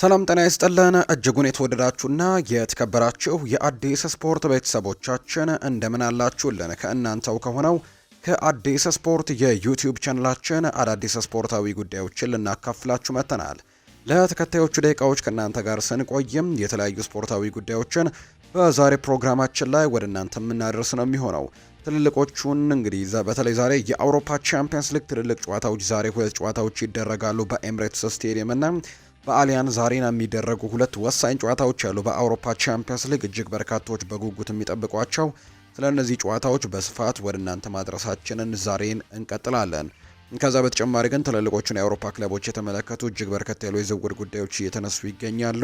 ሰላም ጤና ይስጥልን እጅጉን የተወደዳችሁና የተከበራችሁ የአዲስ ስፖርት ቤተሰቦቻችን እንደምን አላችሁልን? ከእናንተው ከሆነው ከአዲስ ስፖርት የዩቲዩብ ቻናላችን አዳዲስ ስፖርታዊ ጉዳዮችን ልናካፍላችሁ መጥተናል። ለተከታዮቹ ደቂቃዎች ከእናንተ ጋር ስንቆይም የተለያዩ ስፖርታዊ ጉዳዮችን በዛሬ ፕሮግራማችን ላይ ወደ እናንተ የምናደርስ ነው የሚሆነው ትልልቆቹን እንግዲህ በተለይ ዛሬ የአውሮፓ ቻምፒየንስ ሊግ ትልልቅ ጨዋታዎች ዛሬ ሁለት ጨዋታዎች ይደረጋሉ በኤምሬትስ ስቴዲየም እና በአሊያን ዛሬና የሚደረጉ ሁለት ወሳኝ ጨዋታዎች ያሉ በአውሮፓ ቻምፒየንስ ሊግ እጅግ በርካቶች በጉጉት የሚጠብቋቸው። ስለ እነዚህ ጨዋታዎች በስፋት ወደ እናንተ ማድረሳችንን ዛሬን እንቀጥላለን። ከዛ በተጨማሪ ግን ትልልቆቹን የአውሮፓ ክለቦች የተመለከቱ እጅግ በርከት ያሉ የዝውውር ጉዳዮች እየተነሱ ይገኛሉ።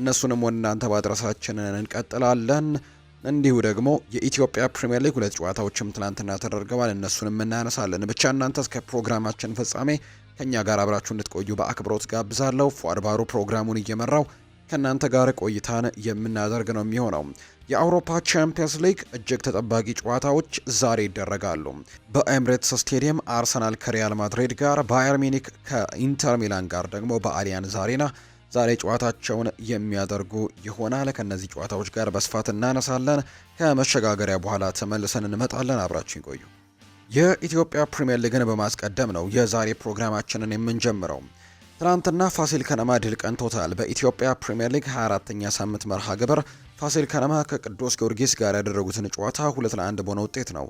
እነሱንም ወደ እናንተ ማድረሳችንን እንቀጥላለን። እንዲሁ ደግሞ የኢትዮጵያ ፕሪምየር ሊግ ሁለት ጨዋታዎችም ትናንትና ተደርገዋል። እነሱንም እናነሳለን። ብቻ እናንተ እስከ ፕሮግራማችን ፍጻሜ ከእኛ ጋር አብራችሁ እንድትቆዩ በአክብሮት ጋብዛለሁ። ፏድባሩ ፕሮግራሙን እየመራው ከእናንተ ጋር ቆይታን የምናደርግ ነው የሚሆነው። የአውሮፓ ቻምፒየንስ ሊግ እጅግ ተጠባቂ ጨዋታዎች ዛሬ ይደረጋሉ። በኤምሬትስ ስቴዲየም አርሰናል ከሪያል ማድሪድ ጋር፣ ባየር ሚኒክ ከኢንተር ሚላን ጋር ደግሞ በአሊያንዝ አሬና ዛሬ ጨዋታቸውን የሚያደርጉ ይሆናል። ከእነዚህ ጨዋታዎች ጋር በስፋት እናነሳለን። ከመሸጋገሪያ በኋላ ተመልሰን እንመጣለን። አብራችን ቆዩ። የኢትዮጵያ ፕሪምየር ሊግን በማስቀደም ነው የዛሬ ፕሮግራማችንን የምንጀምረው። ትናንትና ፋሲል ከነማ ድል ቀንቶታል። በኢትዮጵያ ፕሪምየር ሊግ 24ኛ ሳምንት መርሃ ግብር ፋሲል ከነማ ከቅዱስ ጊዮርጊስ ጋር ያደረጉትን ጨዋታ ሁለት ለአንድ በሆነ ውጤት ነው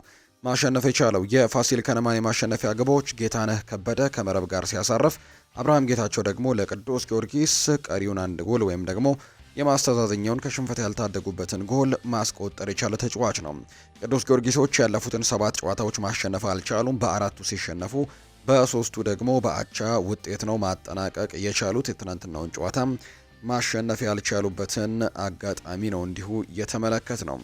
ማሸነፍ የቻለው። የፋሲል ከነማን የማሸነፊያ ግቦች ጌታነህ ከበደ ከመረብ ጋር ሲያሳርፍ፣ አብርሃም ጌታቸው ደግሞ ለቅዱስ ጊዮርጊስ ቀሪውን አንድ ጎል ወይም ደግሞ የማስተዛዘኛውን ከሽንፈት ያልታደጉበትን ጎል ማስቆጠር የቻለ ተጫዋች ነው። ቅዱስ ጊዮርጊሶች ያለፉትን ሰባት ጨዋታዎች ማሸነፍ አልቻሉም። በአራቱ ሲሸነፉ፣ በሶስቱ ደግሞ በአቻ ውጤት ነው ማጠናቀቅ የቻሉት። የትናንትናውን ጨዋታ ማሸነፍ ያልቻሉበትን አጋጣሚ ነው እንዲሁ የተመለከት ነው።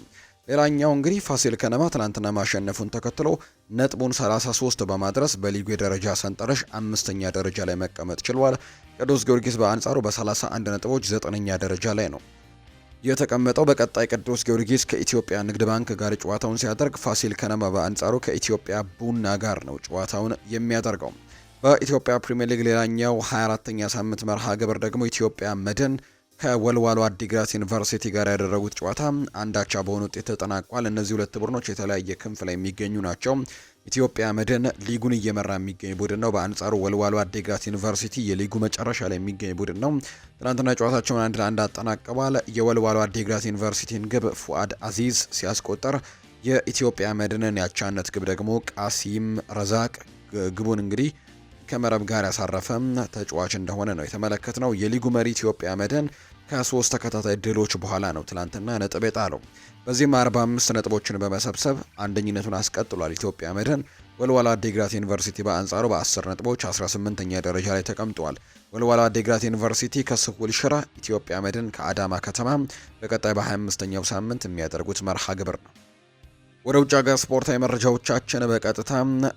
ሌላኛው እንግዲህ ፋሲል ከነማ ትናንትና ማሸነፉን ተከትሎ ነጥቡን 33 በማድረስ በሊጉ የደረጃ ሰንጠረዥ አምስተኛ ደረጃ ላይ መቀመጥ ችሏል። ቅዱስ ጊዮርጊስ በአንጻሩ በ31 ነጥቦች ዘጠነኛ ደረጃ ላይ ነው የተቀመጠው። በቀጣይ ቅዱስ ጊዮርጊስ ከኢትዮጵያ ንግድ ባንክ ጋር ጨዋታውን ሲያደርግ፣ ፋሲል ከነማ በአንጻሩ ከኢትዮጵያ ቡና ጋር ነው ጨዋታውን የሚያደርገው። በኢትዮጵያ ፕሪምየር ሊግ ሌላኛው 24ኛ ሳምንት መርሃ ግብር ደግሞ ኢትዮጵያ መድን ከወልዋሎ አዲግራት ዩኒቨርሲቲ ጋር ያደረጉት ጨዋታ አንዳቻ በሆነ ውጤት ተጠናቋል። እነዚህ ሁለት ቡድኖች የተለያየ ክንፍ ላይ የሚገኙ ናቸው። ኢትዮጵያ መድን ሊጉን እየመራ የሚገኝ ቡድን ነው። በአንጻሩ ወልዋሎ አዲግራት ዩኒቨርሲቲ የሊጉ መጨረሻ ላይ የሚገኝ ቡድን ነው። ትናንትና ጨዋታቸውን አንድ ለአንድ አጠናቀዋል። የወልዋሎ አዲግራት ዩኒቨርሲቲን ግብ ፉአድ አዚዝ ሲያስቆጠር የኢትዮጵያ መድንን ያቻነት ግብ ደግሞ ቃሲም ረዛቅ ግቡን እንግዲህ ከመረብ ጋር ያሳረፈ ተጫዋች እንደሆነ ነው የተመለከት ነው። የሊጉ መሪ ኢትዮጵያ መድን ከሶስት ተከታታይ ድሎች በኋላ ነው ትላንትና ነጥብ የጣለው። በዚህም 45 ነጥቦችን በመሰብሰብ አንደኝነቱን አስቀጥሏል። ኢትዮጵያ መድን ወልዋላ ዲግራት ዩኒቨርሲቲ በአንጻሩ በ10 ነጥቦች 18ኛ ደረጃ ላይ ተቀምጧል። ወልዋላ ዲግራት ዩኒቨርሲቲ ከስሁል ሽረ፣ ኢትዮጵያ መድን ከአዳማ ከተማ በቀጣይ በ25ኛው ሳምንት የሚያደርጉት መርሃ ግብር ነው። ወደ ውጭ ሀገር ስፖርታዊ መረጃዎቻችን በቀጥታ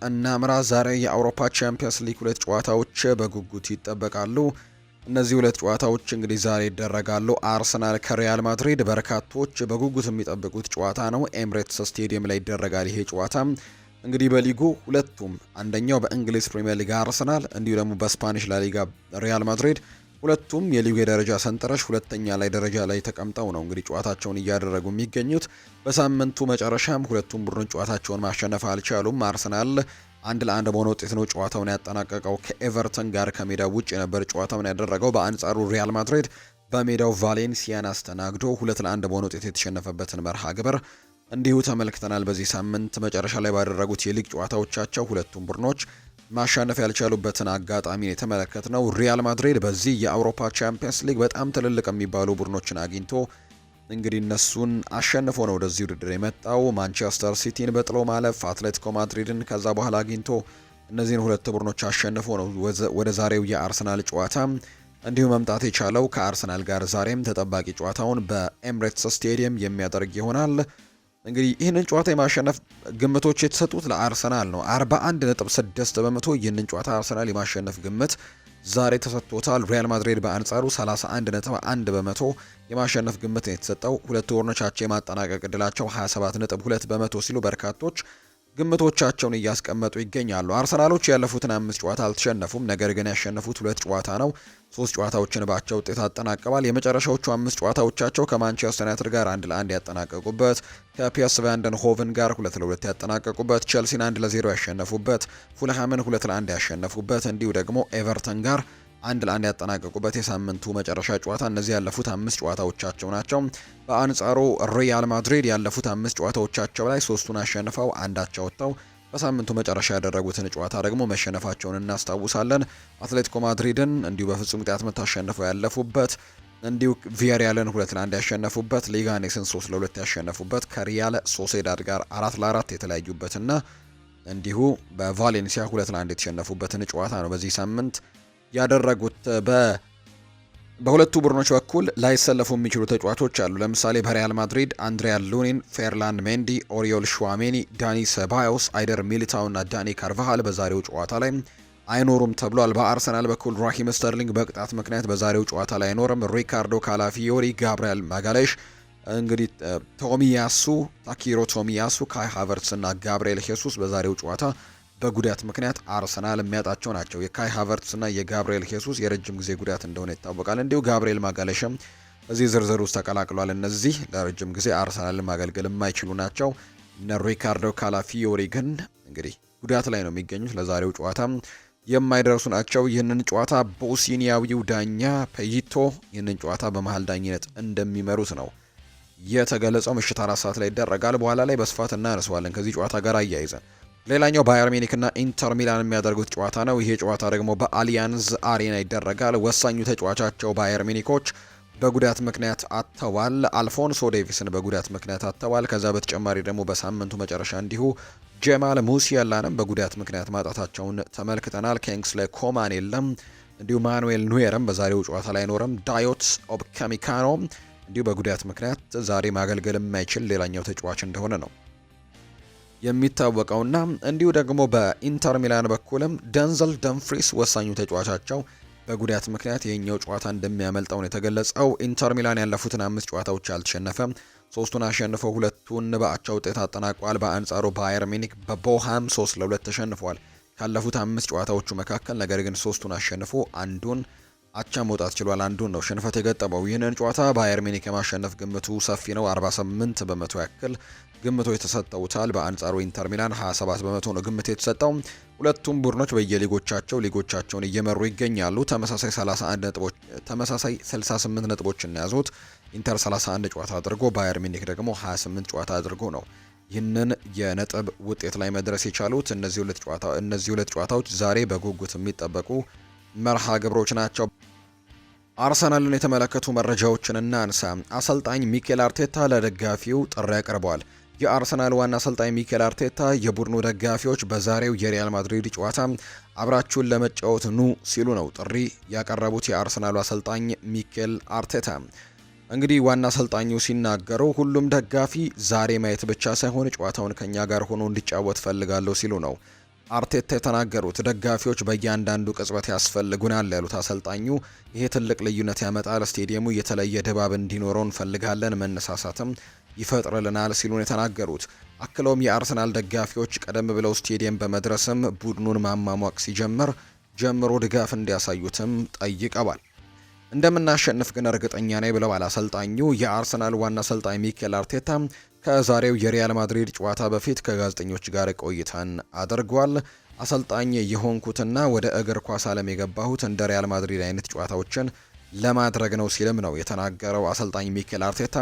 እናምራ። ዛሬ የአውሮፓ ቻምፒየንስ ሊግ ሁለት ጨዋታዎች በጉጉት ይጠበቃሉ። እነዚህ ሁለት ጨዋታዎች እንግዲህ ዛሬ ይደረጋሉ። አርሰናል ከሪያል ማድሪድ በርካቶች በጉጉት የሚጠብቁት ጨዋታ ነው። ኤምሬትስ ስቴዲየም ላይ ይደረጋል ይሄ ጨዋታ እንግዲህ በሊጉ ሁለቱም አንደኛው በእንግሊዝ ፕሪምየር ሊግ አርሰናል እንዲሁ ደግሞ በስፓኒሽ ላሊጋ ሪያል ማድሪድ ሁለቱም የሊጉ የደረጃ ሰንጠረዥ ሁለተኛ ላይ ደረጃ ላይ ተቀምጠው ነው እንግዲህ ጨዋታቸውን እያደረጉ የሚገኙት። በሳምንቱ መጨረሻም ሁለቱም ቡድኖች ጨዋታቸውን ማሸነፍ አልቻሉም። አርሰናል አንድ ለአንድ በሆነ ውጤት ነው ጨዋታውን ያጠናቀቀው። ከኤቨርተን ጋር ከሜዳ ውጭ የነበር ጨዋታውን ያደረገው። በአንጻሩ ሪያል ማድሪድ በሜዳው ቫሌንሲያን አስተናግዶ ሁለት ለአንድ በሆነ ውጤት የተሸነፈበትን መርሃ ግብር እንዲሁ ተመልክተናል። በዚህ ሳምንት መጨረሻ ላይ ባደረጉት የሊግ ጨዋታዎቻቸው ሁለቱም ቡድኖች ማሻነፍ ያልቻሉበትን አጋጣሚን የተመለከት ነው። ሪያል ማድሪድ በዚህ የአውሮፓ ቻምፒየንስ ሊግ በጣም ትልልቅ የሚባሉ ቡድኖችን አግኝቶ እንግዲህ እነሱን አሸንፎ ነው ወደዚህ ውድድር የመጣው። ማንቸስተር ሲቲን በጥሎ ማለፍ፣ አትሌቲኮ ማድሪድን ከዛ በኋላ አግኝቶ እነዚህን ሁለት ቡድኖች አሸንፎ ነው ወደ ዛሬው የአርሰናል ጨዋታ እንዲሁም መምጣት የቻለው። ከአርሰናል ጋር ዛሬም ተጠባቂ ጨዋታውን በኤምሬትስ ስቴዲየም የሚያደርግ ይሆናል። እንግዲህ ይህንን ጨዋታ የማሸነፍ ግምቶች የተሰጡት ለአርሰናል ነው። 6 በመቶ ይህንን ጨዋታ አርሰናል የማሸነፍ ግምት ዛሬ ተሰጥቶታል። ሪያል ማድሪድ በአንጻሩ 1 በመቶ የማሸነፍ ግምት ነው የተሰጠው። ሁለት ወርኖቻቸው የማጠናቀቅ እድላቸው 27.2 በመቶ ሲሉ በርካቶች ግምቶቻቸውን እያስቀመጡ ይገኛሉ። አርሰናሎች ያለፉትን አምስት ጨዋታ አልተሸነፉም፣ ነገር ግን ያሸነፉት ሁለት ጨዋታ ነው። ሶስት ጨዋታዎችን ባቸው ውጤት አጠናቀዋል። የመጨረሻዎቹ አምስት ጨዋታዎቻቸው ከማንቸስተር ዩናይትድ ጋር አንድ ለአንድ ያጠናቀቁበት፣ ቫንደን ሆቨን ጋር ሁለት ለሁለት ያጠናቀቁበት፣ ቸልሲን አንድ ለዜሮ ያሸነፉበት፣ ፉልሃምን ሁለት ለአንድ ያሸነፉበት እንዲሁ ደግሞ ኤቨርተን ጋር አንድ ለአንድ ያጠናቀቁበት የሳምንቱ መጨረሻ ጨዋታ እነዚህ ያለፉት አምስት ጨዋታዎቻቸው ናቸው። በአንጻሩ ሪያል ማድሪድ ያለፉት አምስት ጨዋታዎቻቸው ላይ ሶስቱን አሸንፈው አንዳቸው ወጥተው በሳምንቱ መጨረሻ ያደረጉትን ጨዋታ ደግሞ መሸነፋቸውን እናስታውሳለን። አትሌቲኮ ማድሪድን እንዲሁ በፍጹም ቅጣት ምት አሸንፈው ያለፉበት እንዲሁ ቪያሪያልን ሁለት ለአንድ ያሸነፉበት፣ ሊጋኔስን ሶስት ለሁለት ያሸነፉበት፣ ከሪያል ሶሴዳድ ጋር አራት ለአራት የተለያዩበትና እንዲሁ በቫሌንሲያ ሁለት ለአንድ የተሸነፉበትን ጨዋታ ነው በዚህ ሳምንት ያደረጉት በ በሁለቱ ቡድኖች በኩል ላይሰለፉ የሚችሉ ተጫዋቾች አሉ። ለምሳሌ በሪያል ማድሪድ አንድሪያ ሉኒን፣ ፌርላንድ ሜንዲ፣ ኦሪዮል ሹዋሜኒ፣ ዳኒ ሰባዮስ፣ አይደር ሚሊታው እና ዳኒ ካርቫሃል በዛሬው ጨዋታ ላይ አይኖሩም ተብሏል። በአርሰናል በኩል ራሂም ስተርሊንግ በቅጣት ምክንያት በዛሬው ጨዋታ ላይ አይኖርም። ሪካርዶ ካላፊዮሪ፣ ጋብርኤል ማጋሌሽ እንግዲህ ቶሚያሱ፣ ታኪሮ ቶሚያሱ፣ ካይ ሃቨርትስ እና ጋብርኤል ሄሱስ በዛሬው ጨዋታ በጉዳት ምክንያት አርሰናል የሚያጣቸው ናቸው። የካይ ና የጋብርኤል ሄሱስ የረጅም ጊዜ ጉዳት እንደሆነ ይታወቃል። እንዲሁ ጋብርኤል ማጋለሽም እዚህ ዝርዝር ውስጥ ተቀላቅሏል። እነዚህ ለረጅም ጊዜ አርሰናልን ማገልገል የማይችሉ ናቸው። እነ ሪካርዶ ካላፊዮሪ ግን እንግዲህ ጉዳት ላይ ነው የሚገኙት። ለዛሬው ጨዋታ የማይደርሱ ናቸው። ይህንን ጨዋታ ቦሲኒያዊው ዳኛ ፔይቶ ይህንን ጨዋታ በመሀል ዳኝነት እንደሚመሩት ነው የተገለጸው። ምሽት አራት ሰዓት ላይ ይደረጋል። በኋላ ላይ በስፋት እናነሰዋለን ከዚህ ጨዋታ ጋር አያይዘን ሌላኛው ባየር ሚኒክና ኢንተር ሚላን የሚያደርጉት ጨዋታ ነው። ይሄ ጨዋታ ደግሞ በአሊያንዝ አሬና ይደረጋል። ወሳኙ ተጫዋቻቸው ባየር ሚኒኮች በጉዳት ምክንያት አጥተዋል። አልፎንሶ ዴቪስን በጉዳት ምክንያት አጥተዋል። ከዛ በተጨማሪ ደግሞ በሳምንቱ መጨረሻ እንዲሁ ጀማል ሙሲያላንም በጉዳት ምክንያት ማጣታቸውን ተመልክተናል። ኪንግስሌ ኮማን የለም፣ እንዲሁ ማኑኤል ኑየርም በዛሬው ጨዋታ ላይ አይኖርም። ዳዮት ኦብካሚካኖ እንዲሁ በጉዳት ምክንያት ዛሬ ማገልገል የማይችል ሌላኛው ተጫዋች እንደሆነ ነው የሚታወቀውና እንዲሁ ደግሞ በኢንተር ሚላን በኩልም ደንዘል ደንፍሪስ ወሳኙ ተጫዋቻቸው በጉዳት ምክንያት የኛው ጨዋታ እንደሚያመልጠው ነው የተገለጸው። ኢንተር ሚላን ያለፉትን አምስት ጨዋታዎች አልተሸነፈም። ሶስቱን አሸንፎ ሁለቱን በአቻ ውጤት አጠናቋል። በአንጻሩ ባየር ሚኒክ በቦሃም ሶስት ለሁለት ተሸንፏል። ካለፉት አምስት ጨዋታዎቹ መካከል ነገር ግን ሶስቱን አሸንፎ አንዱን አቻ መውጣት ችሏል። አንዱን ነው ሽንፈት የገጠመው። ይህንን ጨዋታ ባየር ሚኒክ የማሸነፍ ግምቱ ሰፊ ነው፣ 48 በመቶ ያክል ግምቶች ተሰጠውታል። በአንጻሩ ኢንተር ሚላን 27 በመቶ ነው ግምት የተሰጠው። ሁለቱም ቡድኖች በየሊጎቻቸው ሊጎቻቸውን እየመሩ ይገኛሉ። ተመሳሳይ 31 ነጥቦች ተመሳሳይ 68 ነጥቦችን ያዙት። ኢንተር 31 ጨዋታ አድርጎ ባየር ሚኒክ ደግሞ 28 ጨዋታ አድርጎ ነው ይህንን የነጥብ ውጤት ላይ መድረስ የቻሉት። እነዚህ ሁለት ጨዋታ እነዚህ ሁለት ጨዋታዎች ዛሬ በጉጉት የሚጠበቁ መርሃ ግብሮች ናቸው። አርሰናልን የተመለከቱ መረጃዎችን እናንሳ። አሰልጣኝ ሚኬል አርቴታ ለደጋፊው ጥሪ አቅርበዋል። የአርሰናል ዋና አሰልጣኝ ሚኬል አርቴታ የቡድኑ ደጋፊዎች በዛሬው የሪያል ማድሪድ ጨዋታ አብራችሁን ለመጫወት ኑ ሲሉ ነው ጥሪ ያቀረቡት የአርሰናሉ አሰልጣኝ ሚኬል አርቴታ። እንግዲህ ዋና አሰልጣኙ ሲናገሩ ሁሉም ደጋፊ ዛሬ ማየት ብቻ ሳይሆን ጨዋታውን ከኛ ጋር ሆኖ እንዲጫወት ፈልጋለሁ ሲሉ ነው አርቴታ የተናገሩት። ደጋፊዎች በእያንዳንዱ ቅጽበት ያስፈልጉናል ያሉት አሰልጣኙ ይሄ ትልቅ ልዩነት ያመጣል። ስቴዲየሙ የተለየ ድባብ እንዲኖረው እንፈልጋለን። መነሳሳትም ይፈጥርልናል ሲሉ ነው የተናገሩት። አክለውም የአርሰናል ደጋፊዎች ቀደም ብለው ስቴዲየም በመድረስም ቡድኑን ማማሟቅ ሲጀምር ጀምሮ ድጋፍ እንዲያሳዩትም ጠይቀዋል። እንደምናሸንፍ ግን እርግጠኛ ነኝ ብለዋል አሰልጣኙ። የአርሰናል ዋና አሰልጣኝ ሚኬል አርቴታ ከዛሬው የሪያል ማድሪድ ጨዋታ በፊት ከጋዜጠኞች ጋር ቆይታን አድርጓል። አሰልጣኝ የሆንኩትና ወደ እግር ኳስ ዓለም የገባሁት እንደ ሪያል ማድሪድ አይነት ጨዋታዎችን ለማድረግ ነው ሲልም ነው የተናገረው። አሰልጣኝ ሚኬል አርቴታ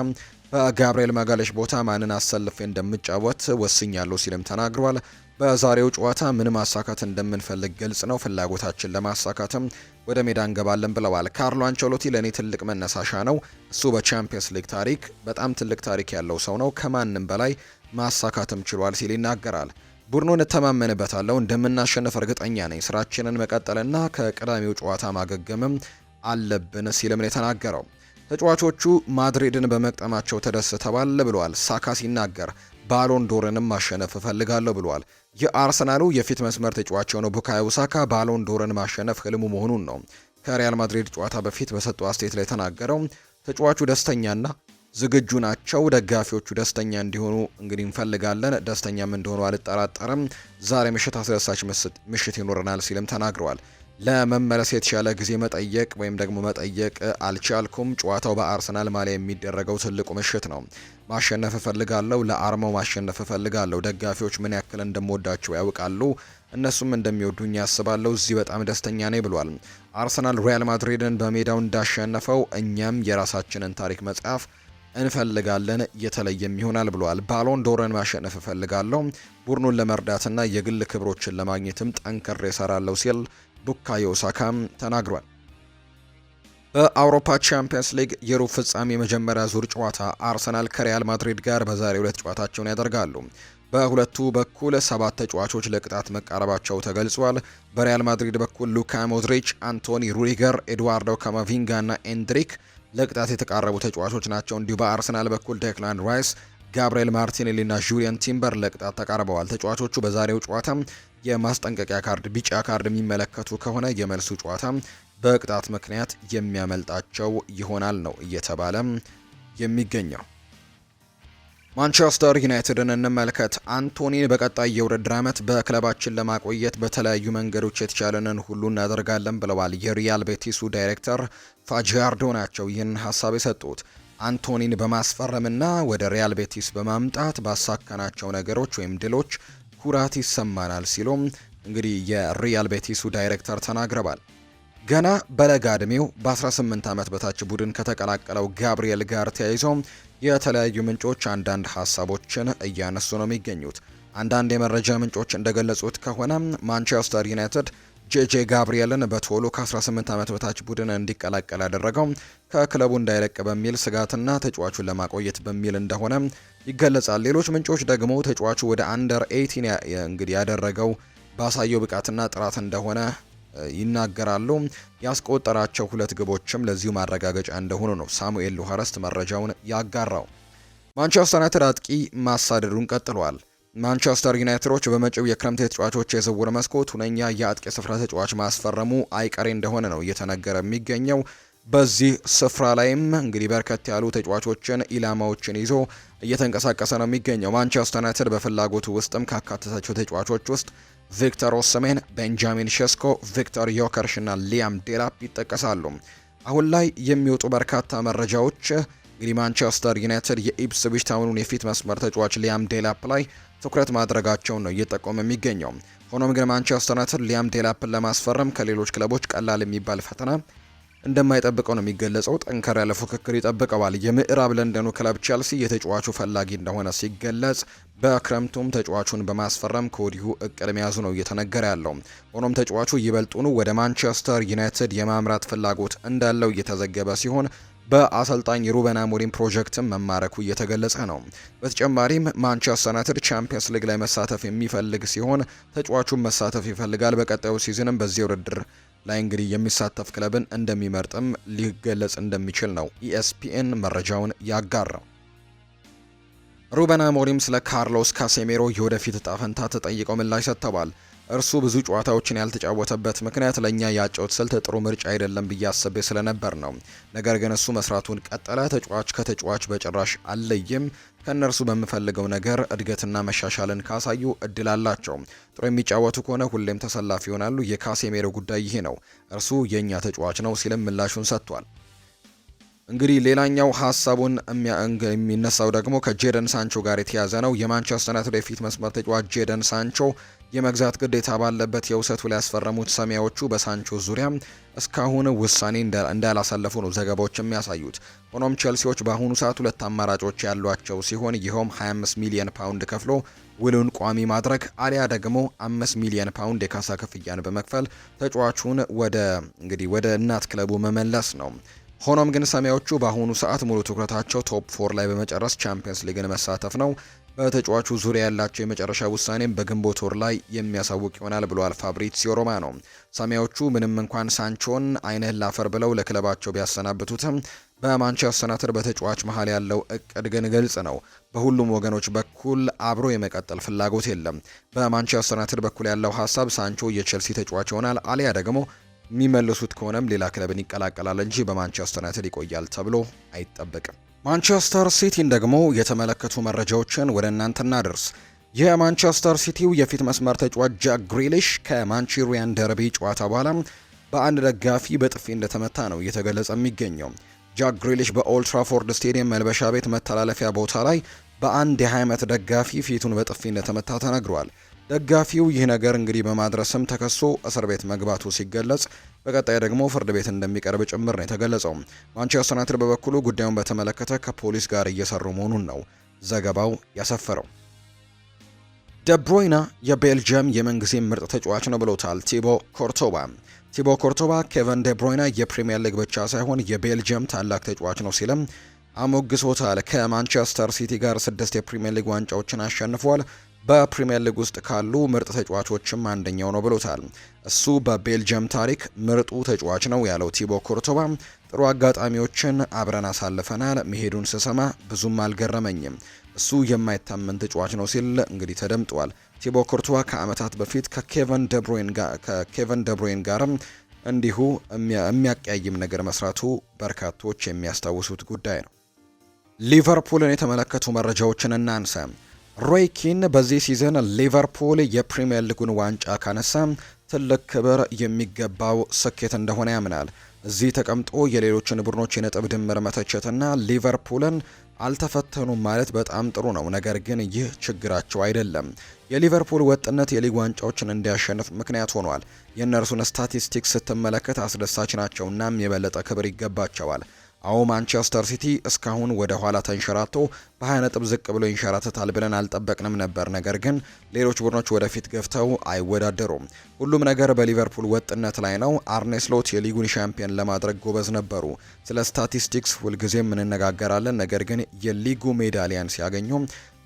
በጋብርኤል ማጋለሽ ቦታ ማንን አሰልፌ እንደምጫወት ወስኛለሁ ሲልም ተናግሯል። በዛሬው ጨዋታ ምን ማሳካት እንደምንፈልግ ግልጽ ነው፣ ፍላጎታችን ለማሳካትም ወደ ሜዳ እንገባለን ብለዋል። ካርሎ አንቸሎቲ ለእኔ ትልቅ መነሳሻ ነው። እሱ በቻምፒየንስ ሊግ ታሪክ በጣም ትልቅ ታሪክ ያለው ሰው ነው። ከማንም በላይ ማሳካትም ችሏል ሲል ይናገራል። ቡድኑ እንተማመንበታለሁ፣ እንደምናሸንፍ እርግጠኛ ነኝ። ስራችንን መቀጠልና ከቅዳሜው ጨዋታ ማገገምም አለብን ሲልም ነው የተናገረው። ተጫዋቾቹ ማድሪድን በመቅጠማቸው ተደስተዋል ብለዋል ሳካ ሲናገር። ባሎን ዶርንም ማሸነፍ እፈልጋለሁ ብለዋል። የአርሰናሉ የፊት መስመር ተጫዋች የሆነው ቡካዮ ሳካ ባሎን ዶርን ማሸነፍ ህልሙ መሆኑን ነው ከሪያል ማድሪድ ጨዋታ በፊት በሰጠው አስተያየት ላይ ተናገረው። ተጫዋቹ ደስተኛና ዝግጁ ናቸው። ደጋፊዎቹ ደስተኛ እንዲሆኑ እንግዲህ እንፈልጋለን። ደስተኛም እንደሆኑ አልጠራጠርም። ዛሬ ምሽት አስደሳች ምሽት ይኖረናል ሲልም ተናግረዋል። ለመመለስ የተሻለ ጊዜ መጠየቅ ወይም ደግሞ መጠየቅ አልቻልኩም። ጨዋታው በአርሰናል ማሊያ የሚደረገው ትልቁ ምሽት ነው። ማሸነፍ እፈልጋለሁ። ለአርማው ማሸነፍ እፈልጋለሁ። ደጋፊዎች ምን ያክል እንደምወዳቸው ያውቃሉ። እነሱም እንደሚወዱኝ ያስባለሁ። እዚህ በጣም ደስተኛ ነኝ ብሏል። አርሰናል ሪያል ማድሪድን በሜዳው እንዳሸነፈው እኛም የራሳችንን ታሪክ መጽሐፍ እንፈልጋለን የተለየም ይሆናል ብለዋል። ባሎን ዶረን ማሸነፍ እፈልጋለሁ ቡድኑን ለመርዳትና የግል ክብሮችን ለማግኘትም ጠንክሬ እሰራለሁ ሲል ቡካዮ ሳካም ተናግሯል። በአውሮፓ ቻምፒየንስ ሊግ የሩብ ፍጻሜ የመጀመሪያ ዙር ጨዋታ አርሰናል ከሪያል ማድሪድ ጋር በዛሬ ሁለት ጨዋታቸውን ያደርጋሉ። በሁለቱ በኩል ሰባት ተጫዋቾች ለቅጣት መቃረባቸው ተገልጿል። በሪያል ማድሪድ በኩል ሉካ ሞድሪች፣ አንቶኒ ሩዲገር፣ ኤድዋርዶ ካማቪንጋ ና ኤንድሪክ ለቅጣት የተቃረቡ ተጫዋቾች ናቸው። እንዲሁ በአርሰናል በኩል ዴክላን ራይስ፣ ጋብርኤል ማርቲኔሊ ና ጁሪየን ቲምበር ለቅጣት ተቃርበዋል። ተጫዋቾቹ በዛሬው ጨዋታ የማስጠንቀቂያ ካርድ ቢጫ ካርድ የሚመለከቱ ከሆነ የመልሱ ጨዋታ በቅጣት ምክንያት የሚያመልጣቸው ይሆናል ነው እየተባለ የሚገኘው። ማንቸስተር ዩናይትድን እንመልከት። አንቶኒን በቀጣይ የውድድር ዓመት በክለባችን ለማቆየት በተለያዩ መንገዶች የተቻለንን ሁሉ እናደርጋለን ብለዋል የሪያል ቤቲሱ ዳይሬክተር ፋጂያርዶ ናቸው ይህን ሀሳብ የሰጡት። አንቶኒን በማስፈረምና ወደ ሪያል ቤቲስ በማምጣት ባሳካናቸው ነገሮች ወይም ድሎች ኩራት ይሰማናል ሲሉም እንግዲህ የሪያል ቤቲሱ ዳይሬክተር ተናግረዋል። ገና በለጋ ዕድሜው በ18 ዓመት በታች ቡድን ከተቀላቀለው ጋብሪኤል ጋር ተያይዞ የተለያዩ ምንጮች አንዳንድ ሀሳቦችን እያነሱ ነው የሚገኙት። አንዳንድ የመረጃ ምንጮች እንደገለጹት ከሆነ ማንቸስተር ዩናይትድ ጄጄ ጋብሪኤልን በቶሎ ከ18 ዓመት በታች ቡድን እንዲቀላቀል ያደረገው ከክለቡ እንዳይለቅ በሚል ስጋትና ተጫዋቹን ለማቆየት በሚል እንደሆነ ይገለጻል። ሌሎች ምንጮች ደግሞ ተጫዋቹ ወደ አንደር 18 እንግዲህ ያደረገው ባሳየው ብቃትና ጥራት እንደሆነ ይናገራሉ። ያስቆጠራቸው ሁለት ግቦችም ለዚሁ ማረጋገጫ እንደሆኑ ነው ሳሙኤል ሉሃረስት መረጃውን ያጋራው። ማንቸስተር ዩናይትድ አጥቂ ማሳደዱን ቀጥሏል። ማንቸስተር ዩናይትዶች በመጪው የክረምት የተጫዋቾች የዝውውር መስኮት ሁነኛ የአጥቂ ስፍራ ተጫዋች ማስፈረሙ አይቀሬ እንደሆነ ነው እየተነገረ የሚገኘው። በዚህ ስፍራ ላይም እንግዲህ በርከት ያሉ ተጫዋቾችን ኢላማዎችን ይዞ እየተንቀሳቀሰ ነው የሚገኘው። ማንቸስተር ዩናይትድ በፍላጎቱ ውስጥም ካካተታቸው ተጫዋቾች ውስጥ ቪክተር ኦስሜን፣ ቤንጃሚን ሸስኮ፣ ቪክተር ዮከርሽ እና ሊያም ዴላፕ ይጠቀሳሉ። አሁን ላይ የሚወጡ በርካታ መረጃዎች እንግዲህ ማንቸስተር ዩናይትድ የኢፕስዊች ታውኑን የፊት መስመር ተጫዋች ሊያም ዴላፕ ላይ ትኩረት ማድረጋቸውን ነው እየጠቆመ የሚገኘው። ሆኖም ግን ማንቸስተር ዩናይትድ ሊያም ዴላፕን ለማስፈረም ከሌሎች ክለቦች ቀላል የሚባል ፈተና እንደማይጠብቀው ነው የሚገለጸው። ጠንከር ያለ ፉክክር ይጠብቀዋል። የምዕራብ ለንደኑ ክለብ ቼልሲ የተጫዋቹ ፈላጊ እንደሆነ ሲገለጽ፣ በክረምቱም ተጫዋቹን በማስፈረም ከወዲሁ እቅድ መያዙ ነው እየተነገረ ያለው። ሆኖም ተጫዋቹ ይበልጡኑ ወደ ማንቸስተር ዩናይትድ የማምራት ፍላጎት እንዳለው እየተዘገበ ሲሆን በአሰልጣኝ ሩበን አሞሪም ፕሮጀክትም መማረኩ እየተገለጸ ነው። በተጨማሪም ማንቸስተር ዩናይትድ ቻምፒየንስ ሊግ ላይ መሳተፍ የሚፈልግ ሲሆን ተጫዋቹ መሳተፍ ይፈልጋል። በቀጣዩ ሲዝንም በዚህ ውድድር ላይ እንግዲህ የሚሳተፍ ክለብን እንደሚመርጥም ሊገለጽ እንደሚችል ነው ኢኤስፒኤን መረጃውን ያጋራው። ሩበን አሞሪም ስለ ካርሎስ ካሴሜሮ የወደፊት እጣ ፈንታ ተጠይቀው ምላሽ ሰጥተዋል። እርሱ ብዙ ጨዋታዎችን ያልተጫወተበት ምክንያት ለእኛ ያጨውት ስልት ጥሩ ምርጫ አይደለም ብዬ አስቤ ስለነበር ነው። ነገር ግን እሱ መስራቱን ቀጠለ። ተጫዋች ከተጫዋች በጭራሽ አለይም። ከእነርሱ በምፈልገው ነገር እድገትና መሻሻልን ካሳዩ እድል አላቸው። ጥሩ የሚጫወቱ ከሆነ ሁሌም ተሰላፊ ይሆናሉ። የካሴሜሮ ጉዳይ ይሄ ነው። እርሱ የእኛ ተጫዋች ነው ሲልም ምላሹን ሰጥቷል። እንግዲህ ሌላኛው ሀሳቡን የሚነሳው ደግሞ ከጄደን ሳንቾ ጋር የተያዘ ነው። የማንቸስተር ዩናይትድ የፊት መስመር ተጫዋች ጄደን ሳንቾ የመግዛት ግዴታ ባለበት የውሰቱ ላይ ያስፈረሙት ሰሚያዎቹ በሳንቾ ዙሪያ እስካሁን ውሳኔ እንዳላሳለፉ ነው ዘገባዎች የሚያሳዩት። ሆኖም ቼልሲዎች በአሁኑ ሰዓት ሁለት አማራጮች ያሏቸው ሲሆን ይኸውም 25 ሚሊዮን ፓውንድ ከፍሎ ውሉን ቋሚ ማድረግ አሊያ ደግሞ 5 ሚሊዮን ፓውንድ የካሳ ክፍያን በመክፈል ተጫዋቹን ወደ እንግዲህ ወደ እናት ክለቡ መመለስ ነው። ሆኖም ግን ሰማያዎቹ በአሁኑ ሰዓት ሙሉ ትኩረታቸው ቶፕ ፎር ላይ በመጨረስ ቻምፒየንስ ሊግን መሳተፍ ነው። በተጫዋቹ ዙሪያ ያላቸው የመጨረሻ ውሳኔም በግንቦት ወር ላይ የሚያሳውቅ ይሆናል ብሏል ፋብሪዚዮ ሮማኖ። ሰማያዊዎቹ ምንም እንኳን ሳንቾን ዓይንህን ላፈር ብለው ለክለባቸው ቢያሰናብቱትም በማንቸስተር ዩናይትድ በተጫዋች መሀል ያለው እቅድ ግን ግልጽ ነው። በሁሉም ወገኖች በኩል አብሮ የመቀጠል ፍላጎት የለም። በማንቸስተር ዩናይትድ በኩል ያለው ሀሳብ ሳንቾ የቼልሲ ተጫዋች ይሆናል አሊያ ደግሞ የሚመልሱት ከሆነም ሌላ ክለብን ይቀላቀላል እንጂ በማንቸስተር ዩናይትድ ይቆያል ተብሎ አይጠበቅም። ማንቸስተር ሲቲን ደግሞ የተመለከቱ መረጃዎችን ወደ እናንተ እናደርስ። የማንቸስተር ሲቲው የፊት መስመር ተጫዋች ጃክ ግሪሊሽ ከማንቺሪያን ደርቢ ጨዋታ በኋላ በአንድ ደጋፊ በጥፊ እንደተመታ ነው እየተገለጸ የሚገኘው። ጃክ ግሪሊሽ በኦልትራፎርድ ስቴዲየም መልበሻ ቤት መተላለፊያ ቦታ ላይ በአንድ የ20 ዓመት ደጋፊ ፊቱን በጥፊ እንደተመታ ተነግሯል። ደጋፊው ይህ ነገር እንግዲህ በማድረስም ተከሶ እስር ቤት መግባቱ ሲገለጽ በቀጣይ ደግሞ ፍርድ ቤት እንደሚቀርብ ጭምር ነው የተገለጸው። ማንቸስተር ዩናይትድ በበኩሉ ጉዳዩን በተመለከተ ከፖሊስ ጋር እየሰሩ መሆኑን ነው ዘገባው ያሰፈረው። ደብሮይና የቤልጅየም የምንጊዜም ምርጥ ተጫዋች ነው ብሎታል ቲቦ ኮርቶባ። ቲቦ ኮርቶባ ኬቨን ደብሮይና የፕሪምየር ሊግ ብቻ ሳይሆን የቤልጅየም ታላቅ ተጫዋች ነው ሲልም አሞግሶታል። ከማንቸስተር ሲቲ ጋር ስድስት የፕሪምየር ሊግ ዋንጫዎችን አሸንፏል። በፕሪምየር ሊግ ውስጥ ካሉ ምርጥ ተጫዋቾችም አንደኛው ነው ብሎታል። እሱ በቤልጅየም ታሪክ ምርጡ ተጫዋች ነው ያለው ቲቦ ኮርቶባ ጥሩ አጋጣሚዎችን አብረን አሳልፈናል። መሄዱን ስሰማ ብዙም አልገረመኝም። እሱ የማይታመን ተጫዋች ነው ሲል እንግዲህ ተደምጧል። ቲቦ ኮርቶባ ከዓመታት በፊት ከኬቨን ደብሮይን ጋር ከኬቨን ደብሮይን ጋርም እንዲሁ የሚያቀያይም ነገር መስራቱ በርካቶች የሚያስታውሱት ጉዳይ ነው። ሊቨርፑልን የተመለከቱ መረጃዎችን እናንሳ። ሮይ ኪን በዚህ ሲዝን ሊቨርፑል የፕሪምየር ሊጉን ዋንጫ ካነሳ ትልቅ ክብር የሚገባው ስኬት እንደሆነ ያምናል። እዚህ ተቀምጦ የሌሎችን ቡድኖች የነጥብ ድምር መተቸትና ሊቨርፑልን አልተፈተኑም ማለት በጣም ጥሩ ነው። ነገር ግን ይህ ችግራቸው አይደለም። የሊቨርፑል ወጥነት የሊግ ዋንጫዎችን እንዲያሸንፍ ምክንያት ሆኗል። የእነርሱን ስታቲስቲክስ ስትመለከት አስደሳች ናቸው። እናም የበለጠ ክብር ይገባቸዋል። አዎ ማንቸስተር ሲቲ እስካሁን ወደ ኋላ ተንሸራቶ በ20 ነጥብ ዝቅ ብሎ ይንሸራተታል ብለን አልጠበቅንም ነበር። ነገር ግን ሌሎች ቡድኖች ወደፊት ገፍተው አይወዳደሩም። ሁሉም ነገር በሊቨርፑል ወጥነት ላይ ነው። አርኔ ስሎት የሊጉን ሻምፒየን ለማድረግ ጎበዝ ነበሩ። ስለ ስታቲስቲክስ ሁልጊዜም እንነጋገራለን። ነገር ግን የሊጉ ሜዳሊያን ሲያገኙ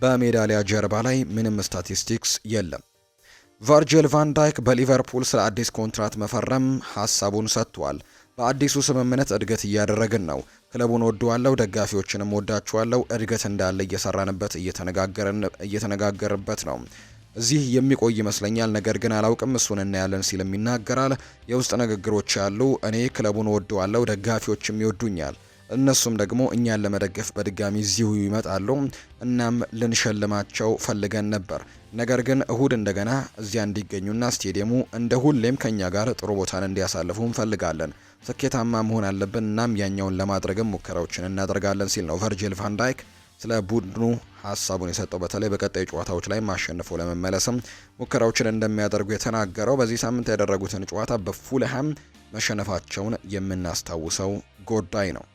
በሜዳሊያ ጀርባ ላይ ምንም ስታቲስቲክስ የለም። ቨርጅል ቫን ዳይክ በሊቨርፑል ስለ አዲስ ኮንትራት መፈረም ሀሳቡን ሰጥቷል። በአዲሱ ስምምነት እድገት እያደረግን ነው። ክለቡን ወደዋለሁ፣ ደጋፊዎችንም ወዳችኋለሁ። እድገት እንዳለ እየሰራንበት እየተነጋገርበት ነው። እዚህ የሚቆይ ይመስለኛል፣ ነገር ግን አላውቅም። እሱን እናያለን ሲልም ይናገራል። የውስጥ ንግግሮች አሉ። እኔ ክለቡን ወደዋለሁ፣ ደጋፊዎችም ይወዱኛል እነሱም ደግሞ እኛን ለመደገፍ በድጋሚ እዚሁ ይመጣሉ። እናም ልንሸልማቸው ፈልገን ነበር፣ ነገር ግን እሁድ እንደገና እዚያ እንዲገኙና ስቴዲየሙ እንደ ሁሌም ከእኛ ጋር ጥሩ ቦታን እንዲያሳልፉ እንፈልጋለን። ስኬታማ መሆን አለብን። እናም ያኛውን ለማድረግም ሙከራዎችን እናደርጋለን ሲል ነው ቨርጂል ቫንዳይክ ስለ ቡድኑ ሀሳቡን የሰጠው በተለይ በቀጣይ ጨዋታዎች ላይ ማሸንፎ ለመመለስም ሙከራዎችን እንደሚያደርጉ የተናገረው በዚህ ሳምንት ያደረጉትን ጨዋታ በፉልሃም መሸነፋቸውን የምናስታውሰው ጉዳይ ነው።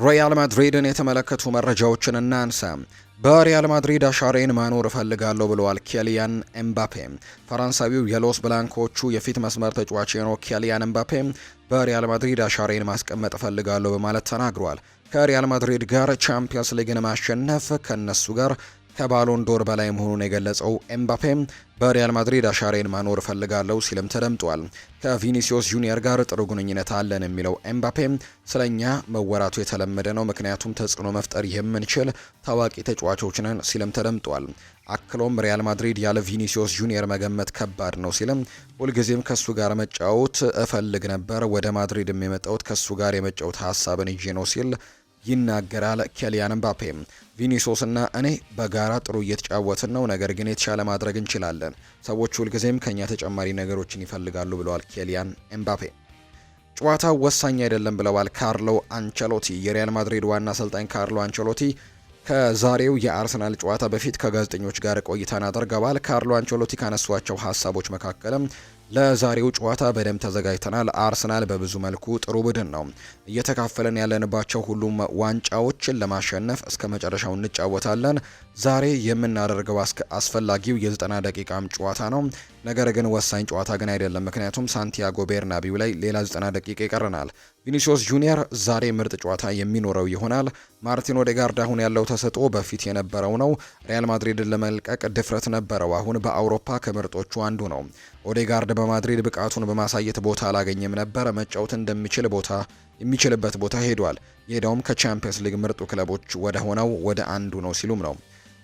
ሮያል ማድሪድን የተመለከቱ መረጃዎችን እናንሳ። በሪያል ማድሪድ አሻሬን ማኖር እፈልጋለሁ ብለዋል ኬሊያን ኤምባፔ። ፈራንሳዊው የሎስ ብላንኮቹ የፊት መስመር ተጫዋች የሆነው ኬሊያን ኤምባፔ በሪያል ማድሪድ አሻሬን ማስቀመጥ እፈልጋለሁ በማለት ተናግሯል። ከሪያል ማድሪድ ጋር ቻምፒየንስ ሊግን ማሸነፍ ከነሱ ጋር ከባሎን ዶር በላይ መሆኑን የገለጸው ኤምባፔም በሪያል ማድሪድ አሻሬን ማኖር እፈልጋለሁ ሲልም ተደምጧል። ከቪኒሲዮስ ጁኒየር ጋር ጥሩ ግንኙነት አለን የሚለው ኤምባፔም ስለኛ መወራቱ የተለመደ ነው፣ ምክንያቱም ተጽዕኖ መፍጠር የምንችል ታዋቂ ተጫዋቾች ነን ሲልም ተደምጧል። አክሎም ሪያል ማድሪድ ያለ ቪኒሲዮስ ጁኒየር መገመት ከባድ ነው ሲልም ሁልጊዜም ከሱ ጋር መጫወት እፈልግ ነበር፣ ወደ ማድሪድ የመጣሁት ከሱ ጋር የመጫወት ሀሳብን ይዤ ነው ሲል ይናገራል ኬሊያን ኤምባፔ። ቪኒሶስ እና እኔ በጋራ ጥሩ እየተጫወትን ነው፣ ነገር ግን የተሻለ ማድረግ እንችላለን። ሰዎች ሁልጊዜም ከእኛ ተጨማሪ ነገሮችን ይፈልጋሉ ብለዋል ኬሊያን ኤምባፔ። ጨዋታው ወሳኝ አይደለም ብለዋል ካርሎ አንቸሎቲ። የሪያል ማድሪድ ዋና አሰልጣኝ ካርሎ አንቸሎቲ ከዛሬው የአርሰናል ጨዋታ በፊት ከጋዜጠኞች ጋር ቆይታን አድርገዋል። ካርሎ አንቸሎቲ ካነሷቸው ሀሳቦች መካከልም ለዛሬው ጨዋታ በደንብ ተዘጋጅተናል። አርሰናል በብዙ መልኩ ጥሩ ቡድን ነው። እየተካፈለን ያለንባቸው ሁሉም ዋንጫዎችን ለማሸነፍ እስከ መጨረሻው እንጫወታለን። ዛሬ የምናደርገው አስፈላጊው የዘጠና ደቂቃም ጨዋታ ነው። ነገር ግን ወሳኝ ጨዋታ ግን አይደለም፣ ምክንያቱም ሳንቲያጎ ቤርናቢው ላይ ሌላ ዘጠና ደቂቃ ይቀረናል። ቪኒሲዮስ ጁኒየር ዛሬ ምርጥ ጨዋታ የሚኖረው ይሆናል። ማርቲን ኦዴጋርድ አሁን ያለው ተሰጥኦ በፊት የነበረው ነው። ሪያል ማድሪድን ለመልቀቅ ድፍረት ነበረው። አሁን በአውሮፓ ከምርጦቹ አንዱ ነው። ኦዴጋርድ በማድሪድ ብቃቱን በማሳየት ቦታ አላገኘም ነበር። መጫወት እንደሚችል ቦታ የሚችልበት ቦታ ሄዷል። የሄዳውም ከቻምፒየንስ ሊግ ምርጡ ክለቦች ወደ ሆነው ወደ አንዱ ነው ሲሉም ነው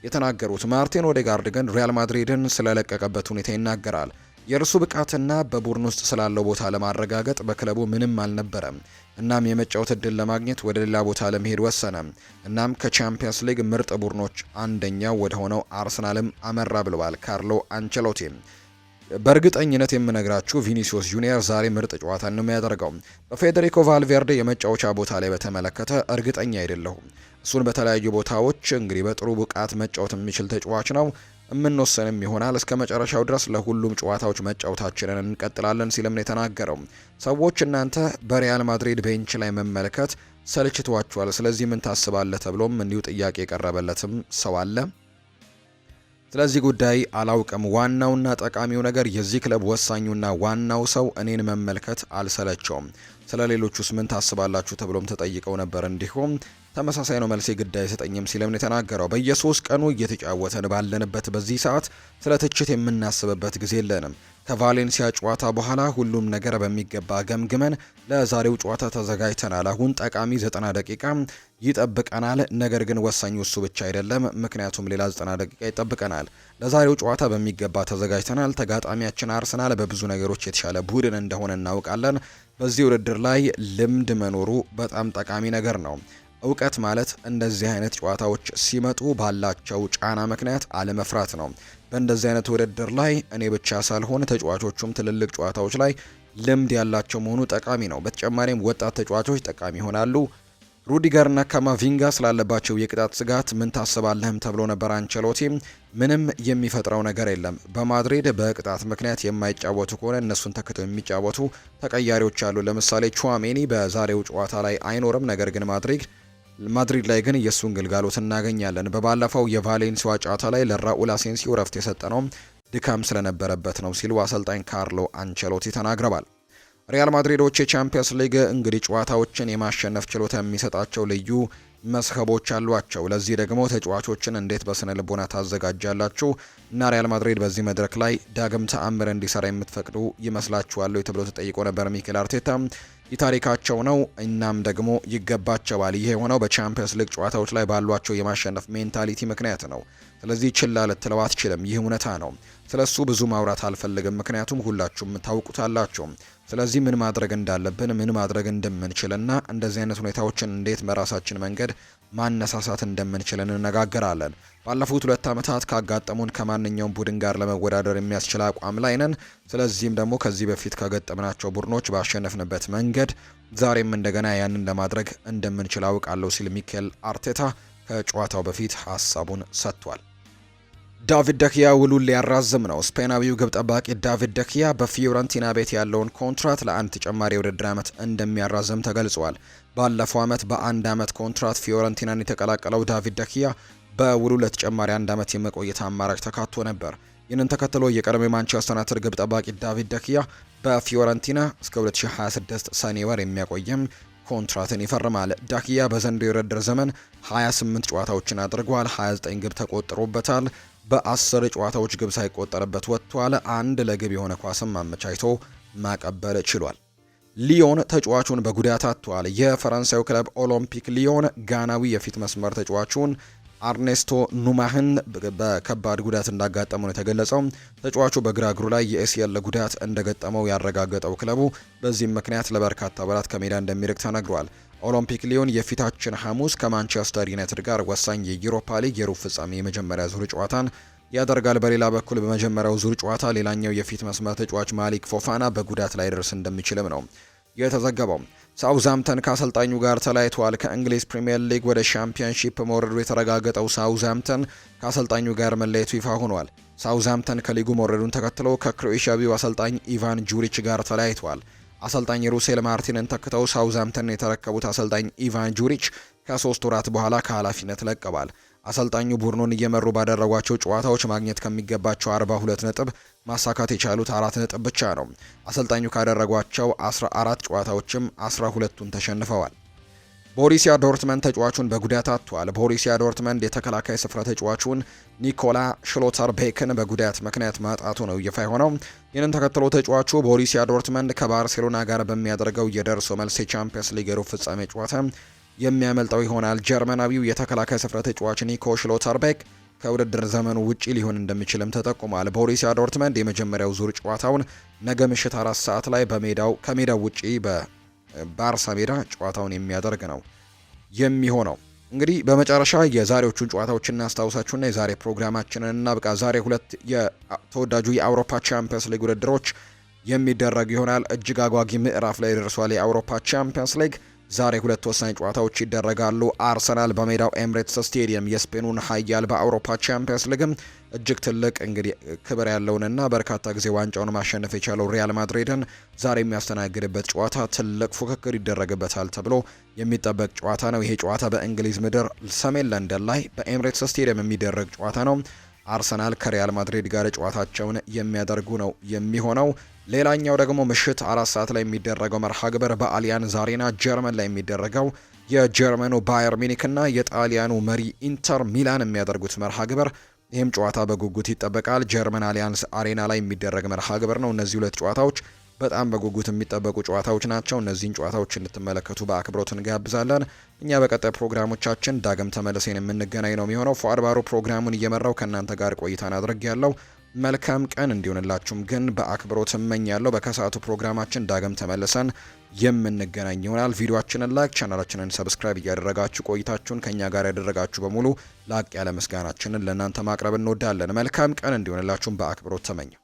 የተናገሩት። ማርቲን ኦዴጋርድ ግን ሪያል ማድሪድን ስለለቀቀበት ሁኔታ ይናገራል። የእርሱ ብቃትና በቡድን ውስጥ ስላለው ቦታ ለማረጋገጥ በክለቡ ምንም አልነበረም። እናም የመጫወት እድል ለማግኘት ወደ ሌላ ቦታ ለመሄድ ወሰነ። እናም ከቻምፒየንስ ሊግ ምርጥ ቡድኖች አንደኛው ወደ ሆነው አርሰናልም አመራ ብለዋል ካርሎ አንቸሎቲ። በእርግጠኝነት የምነግራችሁ ቪኒሲዮስ ጁኒየር ዛሬ ምርጥ ጨዋታ ነው የሚያደርገው። በፌዴሪኮ ቫልቬርዴ የመጫወቻ ቦታ ላይ በተመለከተ እርግጠኛ አይደለሁም። እሱን በተለያዩ ቦታዎች እንግዲህ በጥሩ ብቃት መጫወት የሚችል ተጫዋች ነው። የምንወስንም ይሆናል። እስከ መጨረሻው ድረስ ለሁሉም ጨዋታዎች መጫወታችንን እንቀጥላለን ሲልም ነው የተናገረው። ሰዎች እናንተ በሪያል ማድሪድ ቤንች ላይ መመልከት ሰልችቷቸዋል፣ ስለዚህ ምን ታስባለህ ተብሎም እንዲሁ ጥያቄ የቀረበለትም ሰው አለ። ስለዚህ ጉዳይ አላውቅም። ዋናውና ጠቃሚው ነገር የዚህ ክለብ ወሳኙና ዋናው ሰው እኔን መመልከት አልሰለቸውም። ስለ ሌሎቹስ ምን ታስባላችሁ ተብሎም ተጠይቀው ነበር። እንዲሁም ተመሳሳይ ነው መልሴ ግድ አይሰጠኝም ሲልም ነው የተናገረው። በየሶስት ቀኑ እየተጫወተን ባለንበት በዚህ ሰዓት ስለ ትችት የምናስብበት ጊዜ የለንም። ከቫሌንሲያ ጨዋታ በኋላ ሁሉም ነገር በሚገባ ገምግመን ለዛሬው ጨዋታ ተዘጋጅተናል። አሁን ጠቃሚ 90 ደቂቃ ይጠብቀናል። ነገር ግን ወሳኙ እሱ ብቻ አይደለም፣ ምክንያቱም ሌላ 90 ደቂቃ ይጠብቀናል። ለዛሬው ጨዋታ በሚገባ ተዘጋጅተናል። ተጋጣሚያችን አርሰናል በብዙ ነገሮች የተሻለ ቡድን እንደሆነ እናውቃለን። በዚህ ውድድር ላይ ልምድ መኖሩ በጣም ጠቃሚ ነገር ነው። እውቀት ማለት እንደዚህ አይነት ጨዋታዎች ሲመጡ ባላቸው ጫና ምክንያት አለመፍራት ነው። በእንደዚህ አይነት ውድድር ላይ እኔ ብቻ ሳልሆን ተጫዋቾቹም ትልልቅ ጨዋታዎች ላይ ልምድ ያላቸው መሆኑ ጠቃሚ ነው። በተጨማሪም ወጣት ተጫዋቾች ጠቃሚ ይሆናሉ። ሩዲገርና ካማቪንጋ ስላለባቸው የቅጣት ስጋት ምን ታስባለህም ተብሎ ነበር። አንቸሎቲ ምንም የሚፈጥረው ነገር የለም። በማድሪድ በቅጣት ምክንያት የማይጫወቱ ከሆነ እነሱን ተክተው የሚጫወቱ ተቀያሪዎች አሉ። ለምሳሌ ቹዋሜኒ በዛሬው ጨዋታ ላይ አይኖርም፣ ነገር ግን ማድሪድ ማድሪድ ላይ ግን የእሱን ግልጋሎት እናገኛለን። በባለፈው የቫሌንሲያ ጨዋታ ላይ ለራኡል አሴንሲዮ ረፍት የሰጠነው ድካም ስለነበረበት ነው ሲሉ አሰልጣኝ ካርሎ አንቸሎቲ ተናግረዋል። ሪያል ማድሪዶች የቻምፒየንስ ሊግ እንግዲህ ጨዋታዎችን የማሸነፍ ችሎታ የሚሰጣቸው ልዩ መስህቦች አሏቸው። ለዚህ ደግሞ ተጫዋቾችን እንዴት በስነ ልቦና ታዘጋጃላችሁ እና ሪያል ማድሪድ በዚህ መድረክ ላይ ዳግም ተአምር እንዲሰራ የምትፈቅዱ ይመስላችኋለሁ ተብሎ ተጠይቆ ነበር ሚኬል አርቴታ የታሪካቸው ነው። እናም ደግሞ ይገባቸዋል። ይህ የሆነው በቻምፒየንስ ሊግ ጨዋታዎች ላይ ባሏቸው የማሸነፍ ሜንታሊቲ ምክንያት ነው። ስለዚህ ችላ ልትለው አትችልም። ይህ እውነታ ነው። ስለ እሱ ብዙ ማውራት አልፈልግም፣ ምክንያቱም ሁላችሁም ታውቁታላችሁ። ስለዚህ ምን ማድረግ እንዳለብን፣ ምን ማድረግ እንደምንችልና እንደዚህ አይነት ሁኔታዎችን እንዴት በራሳችን መንገድ ማነሳሳት እንደምንችል እንነጋገራለን። ባለፉት ሁለት ዓመታት ካጋጠሙን ከማንኛውም ቡድን ጋር ለመወዳደር የሚያስችል አቋም ላይ ነን። ስለዚህም ደግሞ ከዚህ በፊት ከገጠምናቸው ቡድኖች ባሸነፍንበት መንገድ ዛሬም እንደገና ያንን ለማድረግ እንደምንችል አውቃለሁ ሲል ሚኬል አርቴታ ከጨዋታው በፊት ሀሳቡን ሰጥቷል። ዳቪድ ደኪያ ውሉን ሊያራዝም ነው። ስፔናዊው ግብ ጠባቂ ዳቪድ ደኪያ በፊዮረንቲና ቤት ያለውን ኮንትራት ለአንድ ተጨማሪ የውድድር ዓመት እንደሚያራዝም ተገልጿል። ባለፈው ዓመት በአንድ ዓመት ኮንትራት ፊዮረንቲናን የተቀላቀለው ዳቪድ ደኪያ በውሉ ለተጨማሪ አንድ ዓመት የመቆየት አማራጭ ተካቶ ነበር። ይህንን ተከትሎ የቀድሞ የማንቸስተር ዩናይትድ ግብ ጠባቂ ዳቪድ ደኪያ በፊዮረንቲና እስከ 2026 ሰኔ ወር የሚያቆየም ኮንትራትን ይፈርማል። ዳኪያ በዘንድሮው የውድድር ዘመን 28 ጨዋታዎችን አድርጓል። 29 ግብ ተቆጥሮበታል። በአስር ጨዋታዎች ግብ ሳይቆጠርበት ወጥቷል። አንድ ለግብ የሆነ ኳስም አመቻችቶ ማቀበል ችሏል። ሊዮን ተጫዋቹን በጉዳት አጥቷል። የፈረንሳዩ ክለብ ኦሎምፒክ ሊዮን ጋናዊ የፊት መስመር ተጫዋቹን አርኔስቶ ኑማህን በከባድ ጉዳት እንዳጋጠመው ነው የተገለጸው። ተጫዋቹ በግራ እግሩ ላይ የኤሲኤል ጉዳት እንደገጠመው ያረጋገጠው ክለቡ በዚህም ምክንያት ለበርካታ አባላት ከሜዳ እንደሚርቅ ተነግሯል። ኦሎምፒክ ሊዮን የፊታችን ሐሙስ ከማንቸስተር ዩናይትድ ጋር ወሳኝ የዩሮፓ ሊግ የሩብ ፍጻሜ የመጀመሪያ ዙር ጨዋታን ያደርጋል። በሌላ በኩል በመጀመሪያው ዙር ጨዋታ ሌላኛው የፊት መስመር ተጫዋች ማሊክ ፎፋና በጉዳት ላይ ደርስ እንደሚችልም ነው የተዘገበው። ሳውዛምተን ከአሰልጣኙ ጋር ተለያይተዋል። ከእንግሊዝ ፕሪምየር ሊግ ወደ ሻምፒየንሺፕ መውረዱ የተረጋገጠው ሳውዛምተን ከአሰልጣኙ ጋር መለየቱ ይፋ ሆኗል። ሳውዛምተን ከሊጉ መውረዱን ተከትሎ ከክሮኤሽያዊው አሰልጣኝ ኢቫን ጁሪች ጋር ተለያይተዋል። አሰልጣኝ ሩሴል ማርቲንን ተክተው ሳውዛምተን የተረከቡት አሰልጣኝ ኢቫን ጁሪች ከሶስት ወራት በኋላ ከኃላፊነት ለቀዋል። አሰልጣኙ ቡድኑን እየመሩ ባደረጓቸው ጨዋታዎች ማግኘት ከሚገባቸው 42 ነጥብ ማሳካት የቻሉት አራት ነጥብ ብቻ ነው። አሰልጣኙ ካደረጓቸው 14 ጨዋታዎችም 12ቱን ተሸንፈዋል። ቦሪሲያ ዶርትመንድ ተጫዋቹን በጉዳት አጥቷል። ቦሪሲያ ዶርትመንድ የተከላካይ ስፍራ ተጫዋቹን ኒኮላ ሽሎተር ቤክን በጉዳት ምክንያት ማጣቱ ነው ይፋ የሆነው። ይህንን ተከትሎ ተጫዋቹ ቦሪሲያ ዶርትመንድ ከባርሴሎና ጋር በሚያደርገው የደርሶ መልስ የቻምፒየንስ ሊግ ሩብ ፍጻሜ ጨዋታ የሚያመልጠው ይሆናል። ጀርመናዊው የተከላካይ ስፍራ ተጫዋች ኒኮ ሽሎተር ቤክ ከውድድር ዘመኑ ውጪ ሊሆን እንደሚችልም ተጠቁሟል። ቦሪሲያ ዶርትመንድ የመጀመሪያው ዙር ጨዋታውን ነገ ምሽት አራት ሰዓት ላይ በሜዳው ከሜዳው ውጪ በ ባርሳ ሜዳ ጨዋታውን የሚያደርግ ነው የሚሆነው። እንግዲህ በመጨረሻ የዛሬዎቹን ጨዋታዎች እናስታውሳችሁና የዛሬ ፕሮግራማችንን እናብቃ። ዛሬ ሁለት የተወዳጁ የአውሮፓ ቻምፒየንስ ሊግ ውድድሮች የሚደረግ ይሆናል። እጅግ አጓጊ ምዕራፍ ላይ ደርሷል የአውሮፓ ቻምፒየንስ ሊግ። ዛሬ ሁለት ወሳኝ ጨዋታዎች ይደረጋሉ። አርሰናል በሜዳው ኤምሬትስ ስቴዲየም የስፔኑን ኃያል በአውሮፓ ቻምፒየንስ ሊግም እጅግ ትልቅ እንግዲህ ክብር ያለውንና በርካታ ጊዜ ዋንጫውን ማሸነፍ የቻለው ሪያል ማድሪድን ዛሬ የሚያስተናግድበት ጨዋታ ትልቅ ፉክክር ይደረግበታል ተብሎ የሚጠበቅ ጨዋታ ነው። ይሄ ጨዋታ በእንግሊዝ ምድር ሰሜን ለንደን ላይ በኤምሬትስ ስቴዲየም የሚደረግ ጨዋታ ነው። አርሰናል ከሪያል ማድሪድ ጋር ጨዋታቸውን የሚያደርጉ ነው የሚሆነው። ሌላኛው ደግሞ ምሽት አራት ሰዓት ላይ የሚደረገው መርሃ ግብር በአሊያንዝ አሬና ጀርመን ላይ የሚደረገው የጀርመኑ ባየር ሚኒክና የጣሊያኑ መሪ ኢንተር ሚላን የሚያደርጉት መርሃ ግብር ይህም ጨዋታ በጉጉት ይጠበቃል። ጀርመን አሊያንስ አሬና ላይ የሚደረግ መርሃ ግብር ነው። እነዚህ ሁለት ጨዋታዎች በጣም በጉጉት የሚጠበቁ ጨዋታዎች ናቸው። እነዚህን ጨዋታዎች እንድትመለከቱ በአክብሮት እንጋብዛለን። እኛ በቀጣይ ፕሮግራሞቻችን ዳግም ተመልሰን የምንገናኝ ነው የሚሆነው። ፏአድባሮ ፕሮግራሙን እየመራው ከእናንተ ጋር ቆይታን አድርግ ያለው መልካም ቀን እንዲሆንላችሁም ግን በአክብሮት እመኛለሁ። በከሰዓቱ ፕሮግራማችን ዳግም ተመልሰን የምንገናኝ ይሆናል። ቪዲዮችንን ላይክ፣ ቻናላችንን ሰብስክራይብ እያደረጋችሁ ቆይታችሁን ከእኛ ጋር ያደረጋችሁ በሙሉ ላቅ ያለ ምስጋናችንን ለእናንተ ማቅረብ እንወዳለን። መልካም ቀን እንዲሆንላችሁም በአክብሮት ተመኘው።